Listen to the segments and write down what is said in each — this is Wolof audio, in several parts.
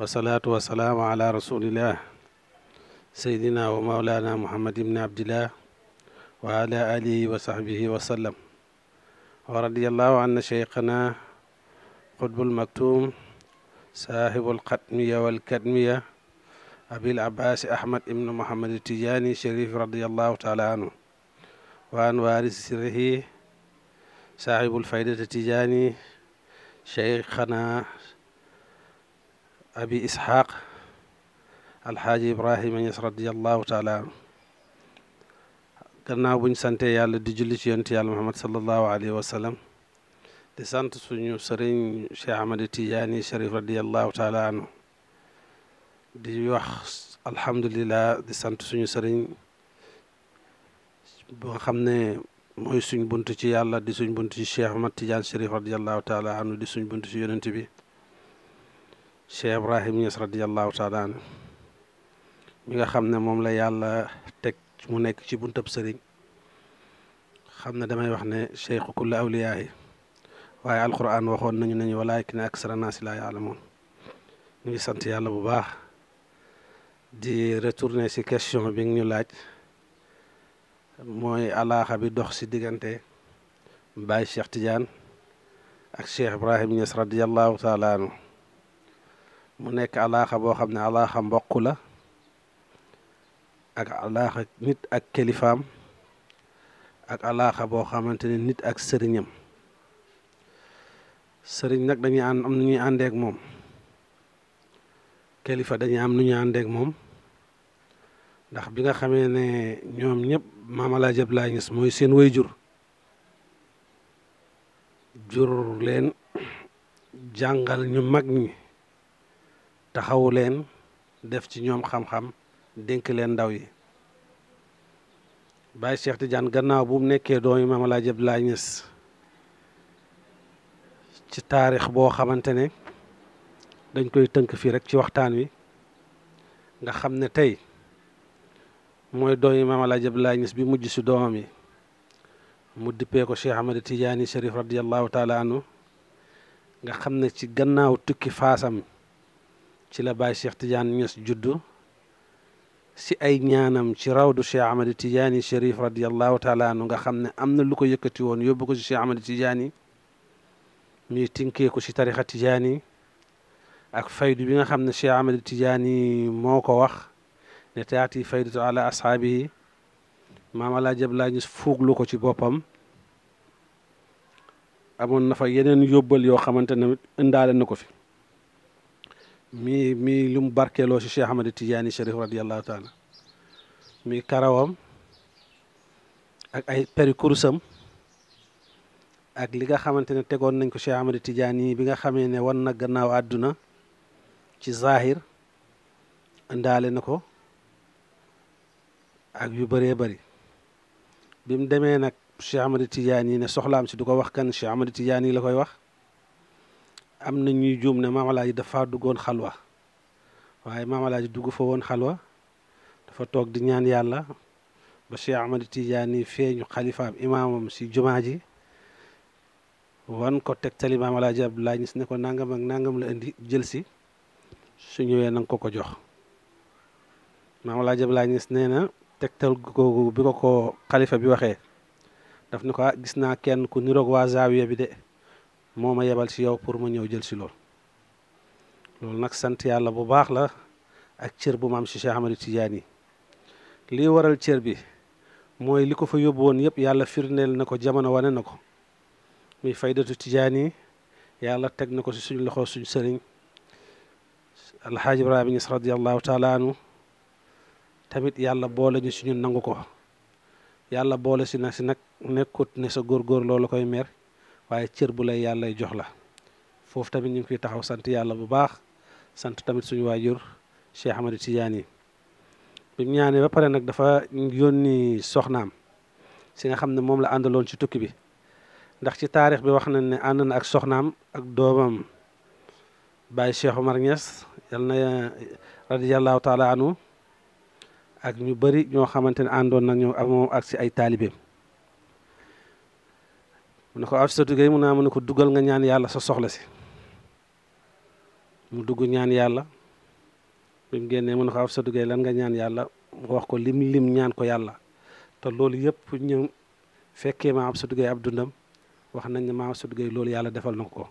wasalaatu wasalaamu ala rasulillah seydina wa maulana muhammad ibni abdillah wa ala alihi wa sahbihi wa sallam wa radiallahu anna cheikhana qutbul maktum saahibul xatmiya wal kadmiya abil abbasi ahmad ibnu muhammad tijaani sharif radiallahu taala anhu wa an waari sirrihi saahibul faydata tijaani cheikhana abi isxaaq alxaaji ibrahima ñas radiallahu taala anhu gannaaw buñ sante yàlla di julli ci yonent yàlla muhammad salallahu alayhi wa sallam di sant suñu sëriñ cheikh ahmad tijaani sharif radiallahu taala anhu di wax alhamdulilah di sant suñu sëriñ bu nga xam ne mooy suñ bunt ci yàlla di suñ bunt ci cheikh ahmad tijaani sharif radiallahu taala anhu di suñ bunt ci yonent bi Cheikh Ibrahim Niass radiallahu taala anhu mi nga xam ne moom la yàlla teg mu nekk ci buntab sëriñ xam ne damay wax ne cheikhu kulli awliyaahi waaye alquran waxoon nañu nañu ki walaakin aksara naasi laa yaalamoon ñu ngi sant yàlla bu baax di retourner ci question bi nga ñu laaj mooy alaaxa bi dox ci diggante Baye Cheikh Tidiane ak Cheikh Ibrahim Niass radiallahu taala anhu mu nekk alaaxa boo xam ne alaaxa mbokk la ak nit ak kilifaam ak alaaxa boo xamante ne nit ak sëriñam sëriñ nag dañuy ànd am nu ñuy àndeek moom kilifa dañuy am nu ñuy àndeek moom ndax bi nga xamee ne ñoom ñëpp maam El Hadj Abdoulaye seen way jur jur leen jàngal ñu mag ñi taxawu leen def ci ñoom xam-xam dénk leen ndaw yi Baye Cheikh Tidiane gannaaw bu mu nekkee doomi Maam El Hadj Abdoulaye ci taarix boo xamante ne dañ koy tënk fii rek ci waxtaan wi nga xam ne tey mooy doomi Maam El Hadj Abdoulaye Niass bi mujj si doomam yi mu dippee ko Cheikh Ahmed Tidiane Chérif radiyallahu taala nga xam ne ci gannaaw tukki faasam ci la Baay Cheikh Tidiane Niass juddu si ay ñaanam ci rawdu Cheikh Ahmad Tidiane Cherif radiyallahu taala nga xam ne am na lu ko yëkkati woon yóbbu ko si Cheikh Ahmad Tidiane ñuy tinkeeku si tarixa Tidiane ak faydu bi nga xam ne Cheikh Ahmad Tidiane moo ko wax ne taati faydatu ala ashaabihi maam alaa jab laa ñu fuuglu ko ci boppam amoon nafa fa yeneen yóbbal yoo xamante ne indaale na ko fi mi mi lu mu barkeeloo ci Cheikh Ahmad Tidiane Cherif radiyallahu taala mi karawam ak ay peri kurusam ak li nga xamante ne tegoon nañ ko Cheikh Ahmad Tidiane bi nga xamee ne wan na gannaaw àdduna ci zahir ndaale na ko ak yu bëree bëri bi mu demee nag Cheikh Ahmad Tidiane ne soxlaam si du ko wax kan Cheikh Ahmad Tidiane la koy wax am na ñuy juum ne maam dafa duggoon xalwa waaye maam dugg fa woon xalwa dafa toog di ñaan yàlla ba Cheikh Ahmad Tidiane feeñu xalifaam imaamam si jumaa ji wan ko tegtali maam Alaaji Abdoulaye ne ko nangam ak nangam la indi jël si su ñëwee na ko ko jox maam Alaaji Abdoulaye Niass na tegtal googu bi ko ko xalifa bi waxee daf ne ko ah gis naa kenn ku niroog waa zaawiya bi de moo ma yebal ci yow pour ma ñëw jël ci lool loolu nag sant yàlla bu baax la ak cër bu ma am si Cheikh Ahmadou Tidiane yi lii waral cër bi mooy li ko fa yóbbu woon yëpp yàlla firndeel na ko jamono wane na ko muy faydatu Tidiane yi yàlla teg na ko ci suñu loxo suñu sëriñ alxaaji Ibrahima Ñas radiallahu taala anhu tamit yàlla boole ñu nangu ko yàlla boole si nag si nag nekkut ne sa góorgóor loolu la koy mer waaye cër bu lay yàlla jox la foofu tamit ñu ngi koy taxaw sant yàlla bu baax sant tamit suñu waajur Cheikh Ahmad Tidiane yi bi mu ñaanee ba pare nag dafa yónni soxnaam si nga xam ne moom la àndaloon ci tukki bi ndax ci taarix bi wax na ne ànd na ak soxnaam ak doomam Baye Cheikh Omar Niass yal ak ñu bari ñoo xamante ne àndoon nañu ak ak si ay taalibeem mun ne ko Afisatu Gay mu naa mu ne ko dugal nga ñaan yàlla sa soxla si mu dugg ñaan yàlla bi mu génnee mu ne ko Afisatu lan nga ñaan yàlla mu wax ko lim lim ñaan ko yàlla te loolu yëpp ñu fekkee ma Afisatu Gay ab dundam wax nañ ne ma Afisatu Gay loolu yàlla defal na ko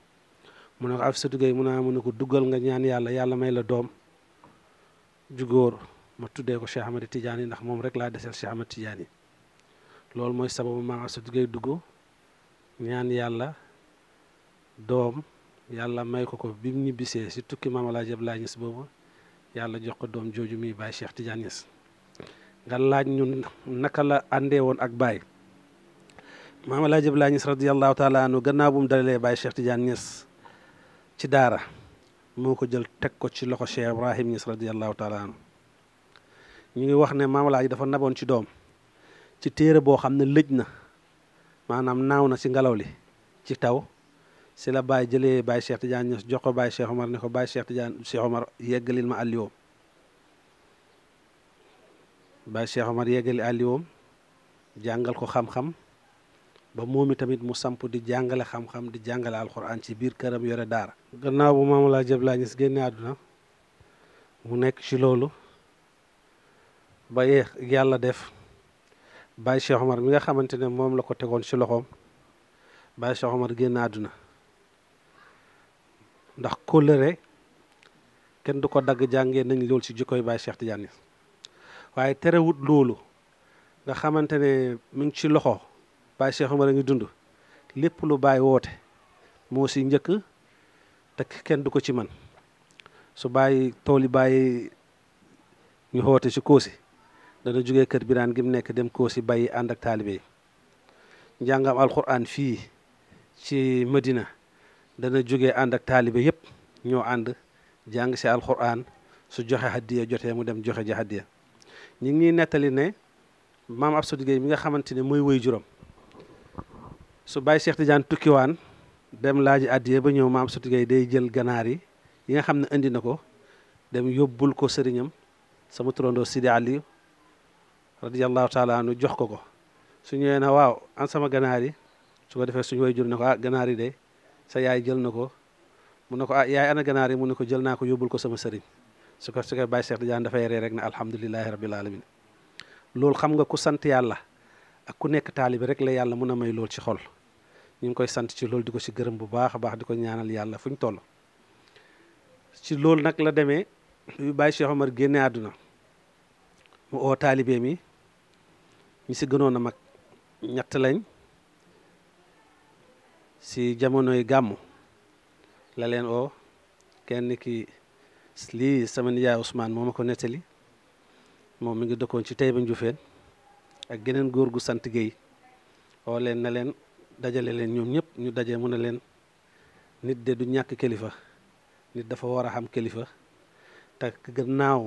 mu ne ko Afisatu Gay mu naa mu ne ko dugal nga ñaan yàlla yàlla may la doom ju góor ma tuddee ko Cheikh Ahmed Tidiane ndax moom rek laa deseel Cheikh Ahmed Tidiane loolu mooy sababu ma Afisatu Gay dugg ñaan yàlla doom yàlla may ko ko bi mu ñibbisee si tukki Maam Alaaji Abdoulaye Niass boobu yàlla jox ko doom jooju muy Baye Cheikh Tidiane Niass nga laaj ñun naka la àndee woon ak Baye Maam Alaaji Abdoulaye Niass radiyallahu taala anhu gannaaw bu mu dalalee Baye Cheikh Tidiane Niass ci daara moo ko jël teg ko ci loxo Cheikh Ibrahim Niass radiyallahu taala anhu ñu ngi wax ne Maam Alaaji dafa naboon ci doom ci téere boo xam ne lëj na maanaam naaw na ci ngelaw li ci taw si la Baye jëlee Baye Cheikh Tidiane Niass jox ko Baye Cheikh Omar ne ko Baye Cheikh Tidiane Cheikh Omar ma àlliwoom Baye yeggali àlliwoom jàngal ko xam-xam ba moom tamit mu samp di jàngale xam-xam di jàngale alxuraan ci biir këram yore daara. gannaaw bu Maam Laa Jëb laa Niass génne àdduna mu nekk ci loolu ba yéex yàlla def. Baye Cheikh Omar mi nga xamante ne moom la ko tegoon ci loxoom Baye Cheikh Omar génn àdduna ndax kóllëre kenn du ko dagg jàngee nañ loolu ci jikkoy Baye Cheikh Tidiane waaye terewut loolu nga xamante ne mi ngi ci loxo Baye Cheikh Omar a ngi dund lépp lu Baye woote moo si njëkk te kenn du ko ci man su Baye tool yi Baye ñu xoote ci koosi dana jógee kër biraan gi mu nekk dem koo si bàyyi ànd ak taalibe yi njàngam alquran fii ci madina dana jóge ànd ak taalibe yëpp ñoo ànd jàng si alquran su joxe haddiya jotee mu dem joxe ji haddiya ñu ngi nettali ne maam Abdou Guèye mi nga xamante ne mooy woy juróom su bàyyi Cheikh Tidiane tukkiwaan dem laaj addiya ba ñëw maam Abdou Guèye day jël ganaar yi yi nga xam ne indi na ko dem yóbbul ko sëriñam sama turandoo Sidi Aliou radiallahu taala anu jox ko ko su ñu ñëwee na waaw an sama ganaar yi su ko defee suñu way jur na ko ah ganaar yi de sa yaay jël na ko mu ne ko ah yaay ana ganaar yi mu ne ko jël naa ko yóbbul ko sama sëriñ su ko su koy bàyyi Cheikh Tidiane dafay ree rek ne alhamdulilahi rabil alamin loolu xam nga ku sant yàlla ak ku nekk taalibi rek la yàlla mun a may lool ci xol ñu ngi koy sant ci loolu di ko ci gërëm bu baax baax di ko ñaanal yàlla fu ñu toll ci loolu nag la demee bi bàyyi Cheikh Omar génne àdduna ñi si gënoon a mag ñett lañ si jamonoy gàmmu la leen oo kenn ki lii sama nijaay Ousmane moo ma ko nettali moom mi ngi dëkkoon ci Taïba Ndioufène ak geneen góor gu sant Guèye oo leen na leen dajale leen ñoom ñëpp ñu daje mu ne leen nit de du ñàkk kilifa nit dafa war a xam kilifa te gannaaw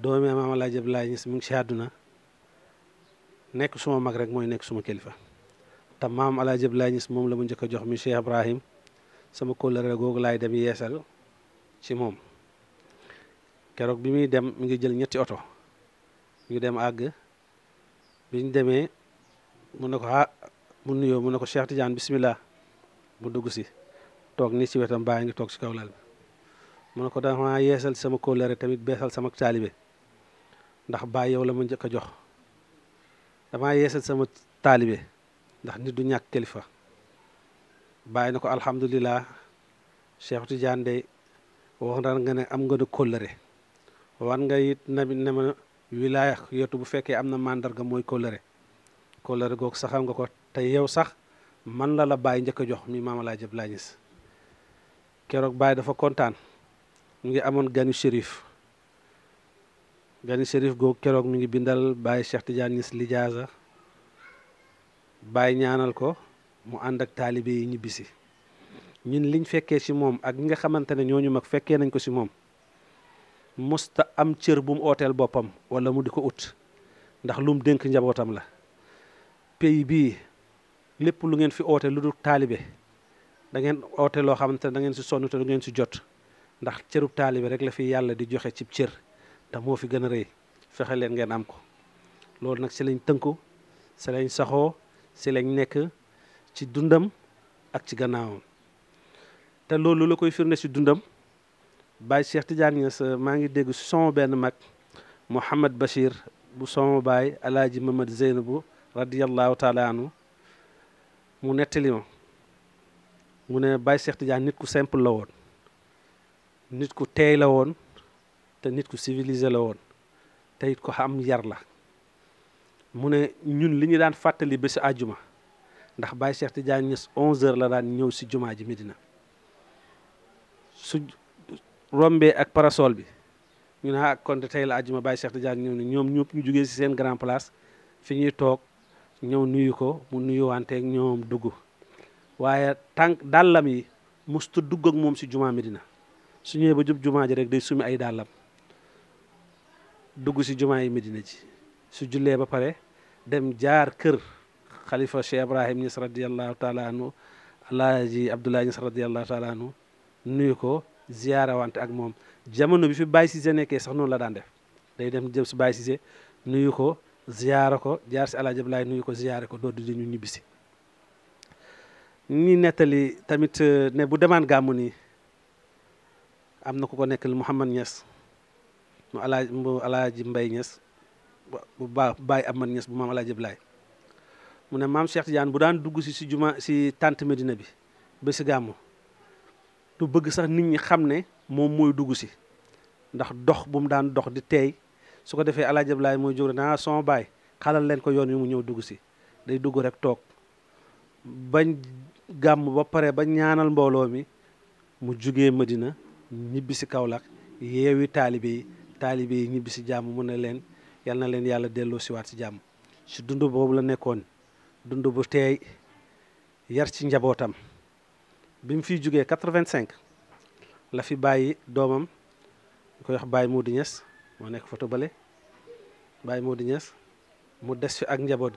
doomi Maam Alaaji Abdoulaye Niass mu ngi si àdduna nekk suma mag rek mooy nekk suma kilifa te maam El Hadj moom la mu njëkk a jox mi Cheikh Ibrahim sama kóllëre googu laay dem yeesal ci moom keroog bi muy dem mi ngi jël ñetti oto ñu dem àgg bi ñu demee mun ne ko ah mu nuyoo mu ne ko Cheikh Tidiane bisimilah mu dugg si toog ni ci wetam baa ngi toog ci kaw lal mu ne ko dama yeesal sama kóllëre tamit beesal sama taalibe ndax baa yow la ma njëkk a jox. damaa yeesal sama taalibe ndax nit du ñàkk kilifa bàyyi na ko alhamdulilah Cheikh Tidiane day wax daan nga ne am nga ne wan nga yit nabi ne ma wilaaya yotu bu fekkee am na màndarga mooy kóllëre kóllëre googu saxal nga ko te yow sax man la la bàyyi njëkk a jox mi maama laa jëb laa keroog bàyyi dafa kontaan mu ngi amoon ganu shérif gani shérif googu keroog mi ngi bindal Baye Cheikh Tidiane Niass lijaasa Baye ñaanal ko mu ànd ak taalibe yi ñibbisi ñun liñ fekkee ci moom ak ñi nga xamante ne ñooñu mag fekkee nañ ko ci moom mosta am cër bu mu ooteel boppam wala mu di ko ut ndax lu dénk njabootam la pays bii lépp lu ngeen fi oote lu dul taalibe da ngeen oote loo xamante ne da ngeen ci sonn te du ngeen ci jot ndax cërub taalibe rek la fi yàlla di joxe cib cër te moo fi gën a rëy fexe leen ngeen am ko loolu nag si lañ tënku si lañ saxoo si lañ nekk ci dundam ak ci gannaawam te loolu la koy firnde ci dundam Baye Cheikh Tidiane Niass maa ngi dégg son benn mag Mouhamad Bachir bu son baay alaaji Mamad Zeynabu radiyallahu taala anhu mu nettali ma mu ne Baye Cheikh nit ku simple la woon nit ku teey la woon te nit ku civilisé la woon tey it ko xam yar la mu ne ñun li ñu daan fàttali ba si àjjuma ndax Baye Cheikh Tidiane Niass 11 la daan ñëw si jumaa ji Medina su rombee ak parasol bi ñu ne ah kon tey la àjjuma Baye Cheikh Tidiane ñëw ne ñoom ñëpp ñu jugee si seen grand place fi ñuy toog ñëw nuyu ko mu nuyuwanteeg ñoom dugg waaye tank dàllam yi mosut dugg ak moom si jumaa Medina su ñëwee ba jub jumaa ji rek day sumi ay dàllam. dugg si jumaa yi Medina ji su jullee ba pare dem jaar kër xalifa Cheikh Ibrahim Niass radiallahu taala anhu alaaji Abdoulaye radiallahu taala nuyu ko ziyaara wante ak moom jamono bi fi Baye Cissé nekkee sax noonu la daan def day dem jëm si Baye nuyu ko ziyaara ko jaar si alaaji Abdoulaye nuyu ko ziyaara ko doodu di ñu ñibbisi ñi nettali tamit eh, ne bu demaan gàmmu nii am na ko ko nekkal Mouhamad ñas mu alaaj mu alaaji mbay ñes bu baa baay amat ñes bu maam alaaji Ablaay mu ne maam Cheikh Tidiane bu daan dugg si si juma si tante Medina bi ba si gàmmu du bëgg sax nit ñi xam ne moom mooy dugg si ndax dox bu mu daan dox di teey su ko defee alaaji Ablaay mooy jóg naa son baay xalal leen ko yoon wi mu ñëw dugg si day dugg rek toog bañ gàmm ba pare ba ñaanal mbooloo mi mu jugee Medina ñibbi si Kaolack yeewi taalibe yi taalibe yi ñibbi si jàmm mu ne leen yal na leen yàlla delloo siwaat ci jàmm ci dund boobu la nekkoon dund bu teey yar ci njabootam bi mu fiy jógee quatre vingt la fi bàyyi doomam ñu koy wax Baye Modou Niass moo nekk photo bale Baye Modou Niass mu des fi ak njaboot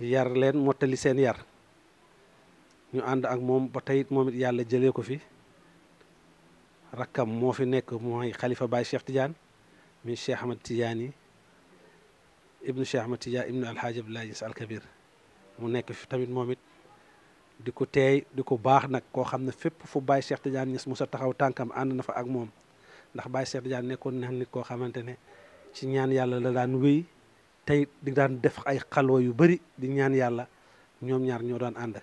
gi yar leen mottali seen yar ñu ànd ak moom ba tey moom yàlla jëlee ko fi rakkam moo fi nekk mooy xalifa baay Cheikh Tidiane mi Cheikh Ahmad Tidiane yi ibnu Cheikh Ahmad Tidiane ibnu Alhaji Abdoulaye Niass Al mu nekk fi tamit moom it di ko teey di ko baax nag koo xam ne fépp fu baay Cheikh Tidiane Niass musa taxaw tànkam ànd na fa ak moom ndax baay Cheikh Tidiane nekkoon na nit koo xamante ne ci ñaan yàlla la daan wéy tey di daan def ay xalwa yu bëri di ñaan yàlla ñoom ñaar ñoo daan ànd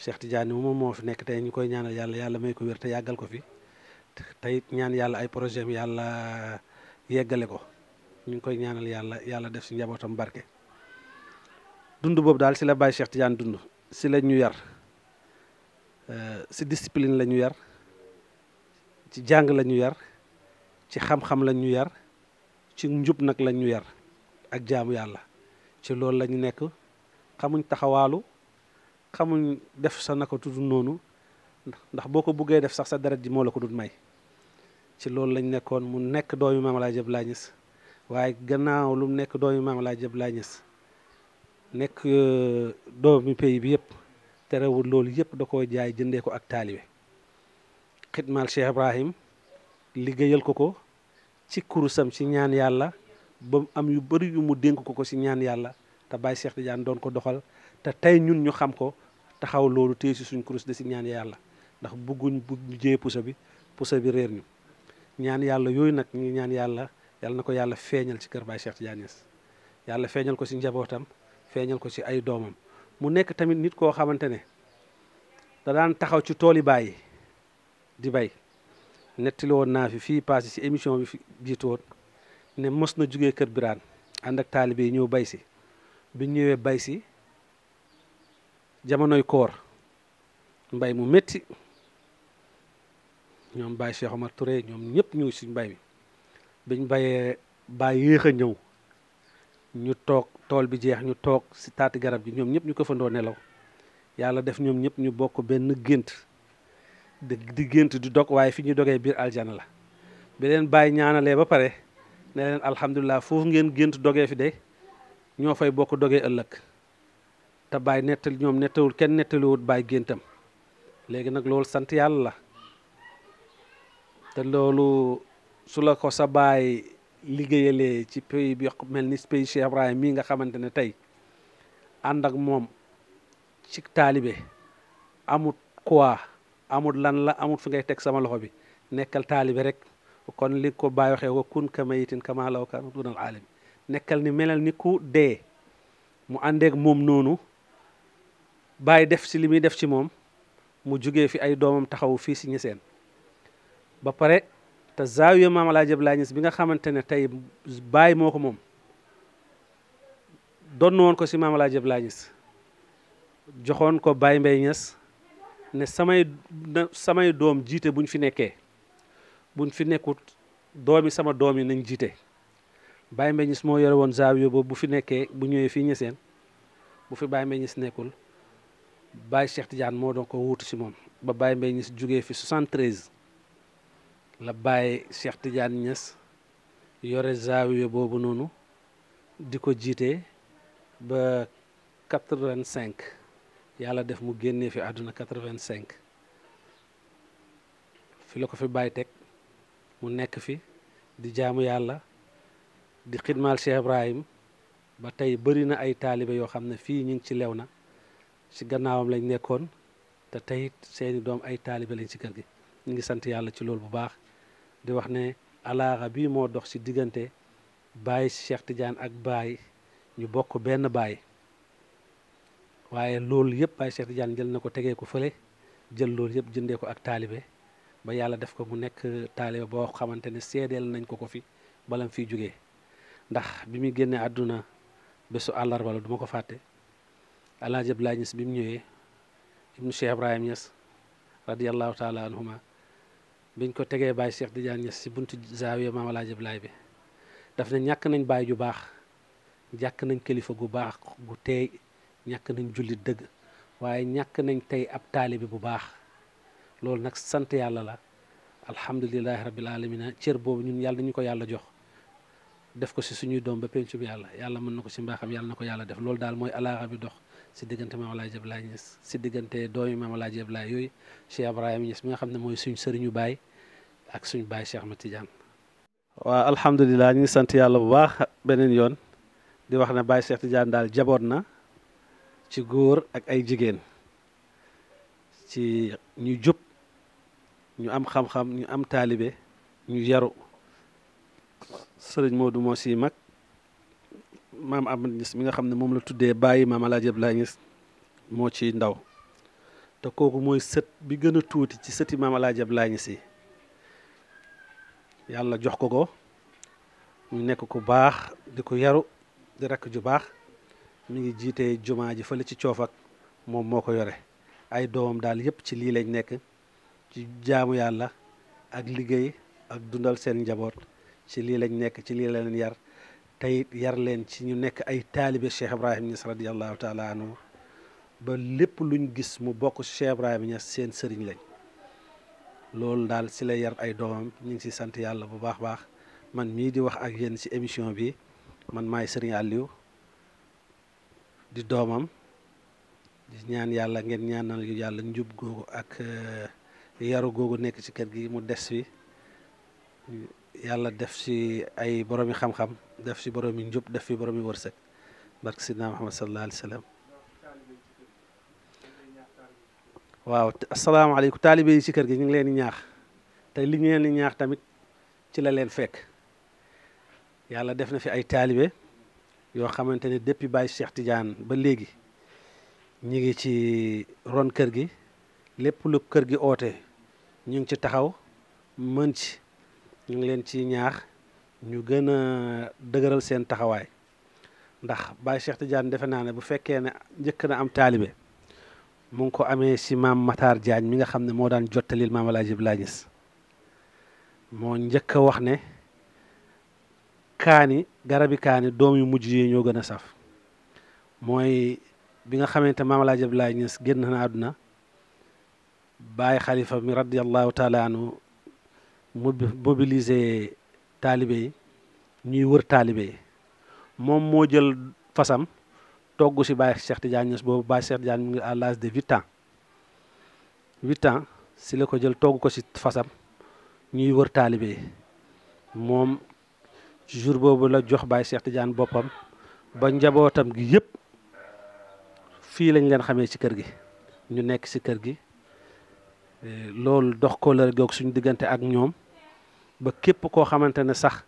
Cheikh Tidiane moom moo fi nekk tey ñu koy ñaanal yàlla yàlla may ko wér yàggal ko fi tey ñaan yàlla ay projet mi yàlla yeggale ko ñu ngi koy ñaanal yàlla yàlla def si njabootam barke dund boobu daal si la Baye ti Tidiane dund si la ñu yar si euh, discipline lañu yar ci jàng la ñu yar ci xam-xam la ñu yar ci njub nag la ñu yar ak jaamu yàlla ci loolu la ñu nekk xamuñ taxawaalu xamuñ def sa naka tudd noonu ndax boo ko buggee def sax sa deret ji moo la ko dut may ci loolu lañ nekkoon mu nekk doomi maam Alaaji Abdoulaye Niass waaye gannaaw lu mu nekk doomi maam Alaaji Abdoulaye Niass nekk euh, doomi pays bi yëpp terewul loolu yëpp da ko jaay jëndee ko ak taalibe xidmaal Cheikh Ibrahim liggéeyal ko ko ci kurusam ci ñaan yàlla ba am yu bari yu mu dénk ko ko ci ñaan yàlla te Baye Cheikh Tidiane doon ko doxal te tey ñun ñu xam ko taxaw loolu téye si suñ kurus de ci ñaan yàlla ndax bugguñ bu jiyee pusa bi pusa bi réer ñu ñaan yàlla yooyu nag ñu ñaan yàlla yàlla na ko yàlla feeñal ci kër Baye Cheikh Tidiane Niass yàlla feeñal ko ci njabootam feeñal ko ci ay doomam mu nekk tamit nit koo xamante ne da daan taxaw ci tooli bàyyi di bay nettali woon naa fi fii passé ci émission bi fi jiitu woon ne mës na jugee kër biraan ànd ak taalibe yi ñëw bay si bi ñëwee bay si jamonoy koor mbay mu métti ñoom Baye Cheikh Omar ture ñoom ñëpp ñëw suñ bay bi biñ bayee yéex a ñëw ñu toog tool bi jeex ñu toog si taati garab gi ñoom ñëpp ñu ko fandoo nelaw yàlla def ñoom ñëpp ñu bokk benn gént di gént di dog waaye fi ñu dogee biir aljana la bi leen bàyyi ñaanalee ba pare ne leen foofu ngeen gént dogee fi de ñoo fay bokk dogee ëllëg te baay nettali ñoom nettawul kenn nettaliwut bàyyi géntam léegi nag loolu sant yàlla la te loolu su la ko sa baay liggéeyalee ci pays bi mel ni pays Cheikh Ibrahim mii nga xamante ne tey ànd ak moom ci taalibe amut quoi amut lan la amut fi ngay teg sama loxo bi nekkal taalibe rek kon li ko baay waxee ko kun ka mayitin kama law kaana dunal aalami nekkal ni melal ni ku dee mu àndeek moom noonu bàyyi def ci li muy def ci moom mu jugee fi ay doomam taxaw fii si ñi seen ba pare te zaawiya maam El Hadj Abdoulaye bi nga xamante ne tey baay moo ko moom donn ko si maam El Hadj Abdoulaye joxoon ko Baye mbay Niass ne samay samay doom jiite buñ fi nekkee buñ fi nekkut doomi sama doom yi nañ jiite Baye Mbaye Niass moo yore woon zaawiya boobu bu fi nekkee bu ñëwee fii ñeseen bu fi Baye Mbaye Niass nekkul Baye Cheikh Tidiane moo doon ko wuutu si moom ba Baye Mbaye Niass jugee fi 73 la bàyyi Cheikh Tidiane Niass yore zaawiya boobu noonu di ko jiitee ba quatre-vingt-cinq yàlla def mu génnee fi àdduna quatre-vingt-cinq fi la ko fi bàyyi teg mu nekk fi di jaamu yàlla di xidmaal Cheikh Ibrahim ba tey bëri na ay taalibe yoo xam ne fii ñu ngi ci lew na ci gannaawam lañ nekkoon te tey seeni doom ay taalibe lañ ci kër gi ñu ngi sant yàlla ci loolu bu baax di wax ne alaaxa bii moo dox ci diggante baay Cheikh Tidiane ak baay ñu bokk benn baay waaye loolu yëpp baay Cheikh Tidiane jël na ko tegee ko fële jël lool yëpp jëndee ko ak taalibe ba yàlla def ko mu nekk taalibe boo xamante ne seedeel nañ ko ko fi balam fiy jóge ndax bi muy génnee àdduna bésu àllarba duma ko fàtte Alaaji Abdoulaye bi mu ñëwee ibnu Cheikh Ibrahim Niass radiyallahu taala anhuma biñ ko tegee Baye Cheikh Tidiane Niass si buntu zaawiya Maam Alaaji Ablaay bi daf ne ñàkk nañ baay ju baax ñàkk nañ kilifa gu baax gu teey ñàkk nañ jullit dëgg waaye ñàkk nañ tey ab taalibi bu baax loolu nag sant yàlla la alhamdulilahi rabbil alamina cër boobu ñun yàlla nañu ko yàlla jox def ko si suñuy doom ba pencu bi yàlla yàlla mën na ko si mbaaxam yàlla na ko yàlla def loolu daal mooy alaaxa bi dox si diggante Maam Alaaji Abdoulaye Niass si diggante doomi Maam Alaaji Abdoulaye yooyu Cheikh Ibrahima Niass mi nga xam ne mooy suñ sëriñu baay ak suñ baay seex Ahmed Tidiane. waa alhamdulilah ñu ngi sant yàlla bu baax beneen yoon di wax ne baay Cheikh Tidiane daal jaboot na ci góor ak ay jigéen ci ñu jub ñu am xam-xam ñu am taalibe ñu yaru sëriñ Modou moo si mag maam Ahmed Niass mi nga xam ne moom la tuddee bàyyi maam El Hadj Abdoulaye moo ci ndaw te kooku mooy sët bi gën a tuuti ci sëti maam El Hadj Abdoulaye Niass yi yàlla jox ko ko mu nekk ku baax di ko yaru di rakk ju baax mu ngi jiite jumaa ji fële ci coofak moom moo ko yore ay doomam daal yépp ci lii lañ nekk ci jaamu yàlla ak liggéey ak dundal seen njaboot ci lii lañ nekk ci lii la leen yar tey yar leen ci ñu nekk ay taalibe Cheikh Ibrahim Niass radiallahu taala ba lépp luñ gis mu bokk Cheikh Ibrahim Niass seen sëriñ lañ loolu daal si la yar ay doomam ñu ngi si sant yàlla bu baax baax man mii di wax ak yéen si émission bi man maay sëriñ Aliou di doomam di ñaan yàlla ngeen ñaanal yu yàlla njub googu ak eh, yaru googu nekk ci kër gi mu des fi yàlla def si ay boroomi xam-xam def ci borom yi njub def fi borom yi wërsëg barke sidna Muhammad sallallahu alayhi wa taalibe yi ci kër gi ñu ngi leen ñaax te li ñu leen ñaax tamit ci la leen fekk yàlla def na fi ay taalibe yoo xamante ne depuis Baye Cheikh ba léegi ñu ngi ci ron kër gi lépp lu kër gi oote ñu ngi ci taxaw mën ci ñu ngi leen ci ñaax ñu gën a dëgëral seen taxawaay ndax Baye Cheikh Tidiane defe naa ne bu fekkee ne njëkk na am taalibe mu ko amee si maam Matar Diagne mi nga xam ne moo daan jottalil maam El Hadj njëkk a wax ne kaani garabi doom yu mujj yi ñoo gën a saf mooy bi nga xamante maam El Hadj Ibrahima Niass génn na àdduna Baye Khalifa mi radiyallahu taala anhu taalibe yi ñuy wër taalibe yi moom moo jël fasam togg si Baye Cheikh Tidiane Niass boobu Baye Cheikh Tidiane mu ngi à l'âge de huit ans huit ans si la ko jël togg ko si fasam ñuy wër taalibe yi moom jour boobu la jox Baye Cheikh Tidiane boppam ba njabootam gi yépp fii lañ leen xamee ci kër gi ñu nekk ci kër gi eh, loolu dox ko la goog suñu diggante ak ñoom ba képp koo xamante ne sax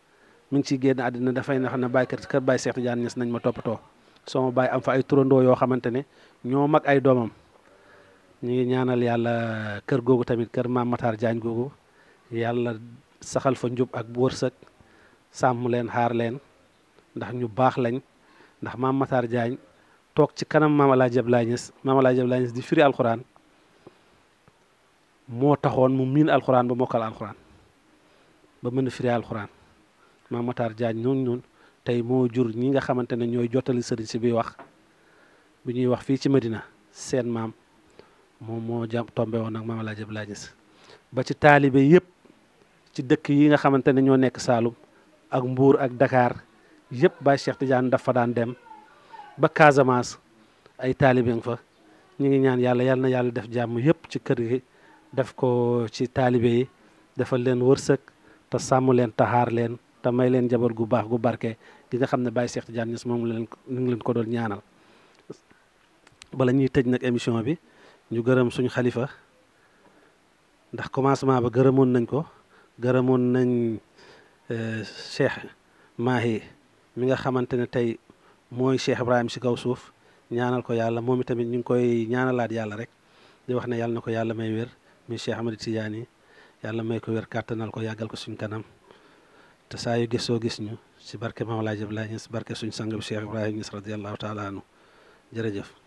mi ngi ciy génn àddina dafay na xam ne bàyyi kër kër bàyyi Seex Tijaan Ñas nañ ma toppatoo sama bàyyi am fa ay turandoo yoo xamante ne ñoo mag ay doomam ñu ngi ñaanal yàlla kër googu tamit kër maam Matar Diagne googu yàlla saxal fa njub ak wërsëg sàmm leen xaar leen ndax ñu baax lañ ndax maam Matar jaañ toog ci kanam maam El Hadj Abdoulaye Niass maam El Hadj Abdoulaye di firi alxuraan moo taxoon mu miin alxuraan ba mokkal alxuraan. ba mën a firi alxuraan maam Matar Diagne noonu noonu tey moo jur ñi nga xamante ne ñooy jottali sëriñ si bi wax bu ñuy wax fii ci madina seen maam moom moo jàpp tombé woon ak maam El Hadj Abdoulaye ba ci taalibe yëpp ci dëkk yi nga xamante ne ñoo nekk Saalum ak Mbuur ak Dakar yëpp Baye Cheikh Tidiane dafa daan dem ba Casamance ay taalibe fa ñu ngi ñaan yàlla yal na yàlla def jàmm yëpp ci kër gi def ko ci taalibe yi defal leen wërsëg. te sàmm leen taxaar leen te may leen jabar gu baax gu barke gi nga xam ne Baye Cheikh Tidiane Niass moom leen ñu ngi leen ko doon ñaanal bala ñuy tëj nag émission bi ñu gërëm suñu xalifa ndax commencement ba gërëmoon nañ ko gërëmoon nañ euh, Cheikh Mahi mi nga xamante ne tey mooy Cheikh Ibrahim ci kaw suuf ñaanal ko yàlla moom itamit ñu ngi koy ñaanalaat yàlla rek di wax ne yàlla na ko yàlla may wér mi Cheikh Ahmed Tidiane yàlla may ko wér kàttanal ko yàggal ko suñ kanam te saa yu soo gis ñu si barke Maam Alaaji Abdoulaye Niass barke suñ sang bi Cheikh Ibrahima Niass radiyallahu taala anhu jëf